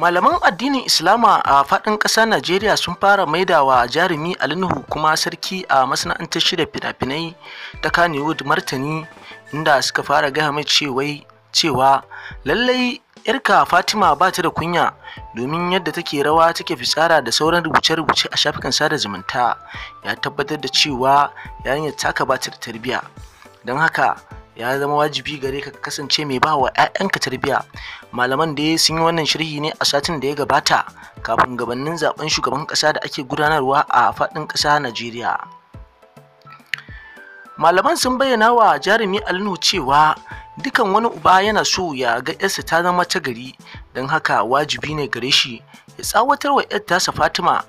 malaman addinin islama a faɗin ƙasar najeriya sun fara maidawa jarumi alinuhu kuma sarki a masana'antar shirya fina-finai ta kanewood martani inda suka fara gaya mai cewa lallai yarka fatima ba ta da kunya domin yadda take rawa take fitsara da sauran rubuce-rubuce a shafukan sada zumunta ya tabbatar da cewa yarinyar taka ba ta da tarbiyya don haka ya zama wajibi gare ka kasance mai ba wa 'ya'yanka tarbiyya malaman da sun yi wannan shirhi ne a satin da ya gabata kafin gabanin zaben shugaban ƙasa da ake gudanarwa a faɗin ƙasa najeriya malaman sun bayyana wa jarumi alnu cewa dukan wani uba yana so ya ga yarsa ta zama ta gari don haka wajibi ne gare shi ya tsawatar wa yar sa fatima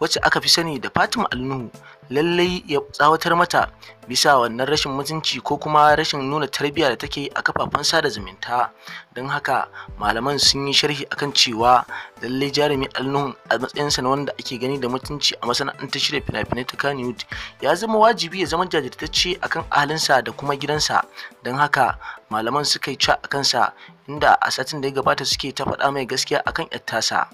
wacce aka fi sani da Fatima Alnuhu lallai ya tsawatar mata bisa wannan rashin mutunci ko kuma rashin nuna tarbiyya da take a kafafen sada zumunta don haka malaman sun yi sharhi akan cewa lallai jarumi alnuhu a matsayinsa na wanda ake gani da mutunci a masana'antar shirya fina-finai ta Kanyud ya zama wajibi ya zama jajirtacce akan ahalinsa da kuma gidansa don haka malaman suka yi ca a kansa inda a satin da ya gabata suke ta faɗa mai gaskiya akan 'yattasa.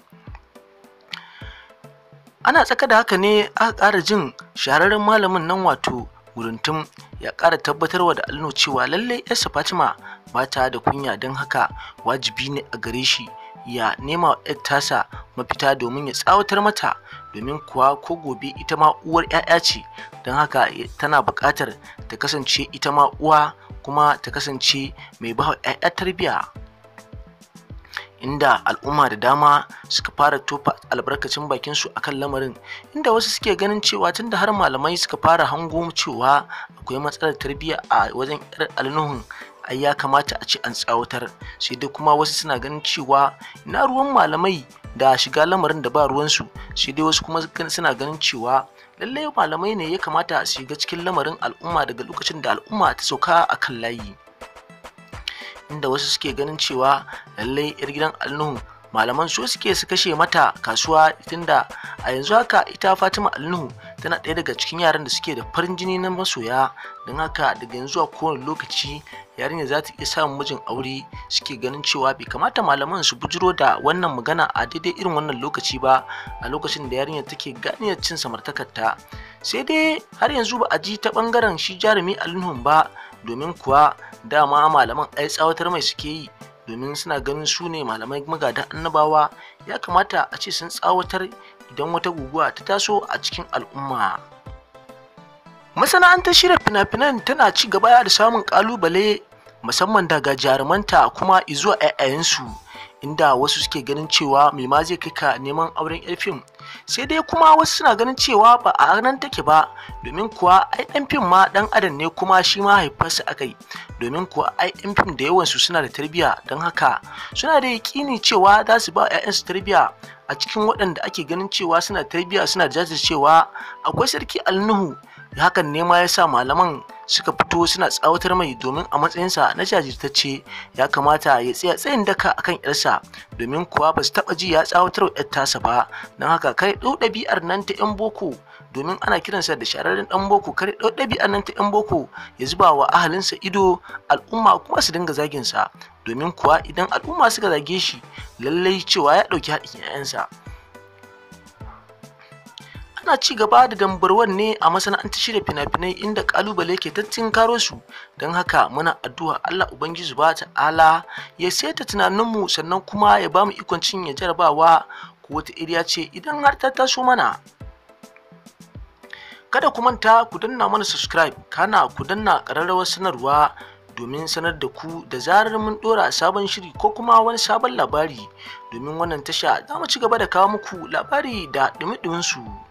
ana tsaka da haka ne a ƙara jin shahararren malamin nan wato guruntum ya ƙara tabbatarwa da alno cewa lallai yarsa fatima ba ta da kunya don haka wajibi ne a gare shi ya nema wa tasa mafita domin ya tsawatar mata domin kuwa ko gobe ita ma uwar 'ya'ya ce don haka tana buƙatar ta kasance ita ma uwa kuma ta kasance mai bawa 'ya'ya tarbiyya inda al'umma da dama suka fara tofa albarkacin bakin su akan lamarin inda wasu suke ganin cewa tun da har malamai suka fara hango cewa akwai matsalar tarbiyya a wajen alnuhun ai ya kamata a ci an tsawatar sai dai kuma wasu suna ganin cewa na ruwan malamai da shiga lamarin da ba ruwansu sai dai wasu kuma suna ganin cewa lallai malamai ne ya kamata su shiga cikin lamarin al'umma daga lokacin da al'umma ta sauka a kan layi inda wasu suke ganin cewa lallai yar gidan alnuhu malaman so suke su kashe mata kasuwa tunda a yanzu haka ita fatima alnuhu tana ɗaya daga cikin yaran da suke da farin jini na masoya don haka daga yanzu a kowane lokaci yarinya za ta iya samun mijin aure suke ganin cewa bai kamata malaman su bujiro da wannan magana a daidai irin wannan lokaci ba a lokacin da yarinya take ganiyar cin samartakarta sai dai har yanzu ba a ji ta bangaren shi jarumi alnuhun ba domin kuwa dama malaman ai tsawatar mai suke yi domin suna ganin su ne malamai magadan annabawa ya kamata a ce sun tsawatar idan wata guguwa ta taso a cikin al'umma masana'antar shirya fina-finan tana ci gaba da samun ƙalubale musamman daga jarumanta kuma izuwa 'ya'yayensu inda wasu suke ganin cewa mai ma zai kai ka neman auren yar fim sai dai kuma wasu suna ganin cewa ba a nan take ba domin kuwa ai yan fim ma dan adam ne kuma shi ma haifarsa aka yi domin kuwa ai yan fim da yawansu suna da tarbiyya don haka suna da yakini cewa za su ba 'ya'yansu tarbiyya a cikin waɗanda ake ganin cewa suna tarbiyya suna jajircewa akwai sarki alnuhu hakan ne ma ya sa malaman suka fito suna tsawatar mai domin a matsayinsa na jajirtacce ya kamata ya tsaya tsayin daka a kan yarsa domin kuwa ba su taba ji ya tsawatar yar tasa ba don haka kare ɗau ɗabi'ar nan ta yan boko domin ana kiransa da shararren ɗan boko kare ɗau ɗabi'ar nan ta yan boko ya zuba wa ahalinsa ido al'umma kuma su dinga zagin sa domin kuwa idan al'umma suka zage shi lallai cewa ya ɗauki haɗin 'ya'yansa ana ci gaba da dambarwar ne a masana'antar shirya fina-finai inda kalubale ke tattin karo su don haka muna addu'a Allah Ubangiji ba ala ya saita tunaninmu sannan kuma ya bamu ikon cin ya jarabawa ko wata iriya ce idan har ta taso mana kada ku manta ku danna mana subscribe kana ku danna ƙararrawar sanarwa domin sanar da ku da zarar mun ɗora sabon shiri ko kuma wani sabon labari domin wannan tasha za mu ci gaba da kawo muku labari da dumi su.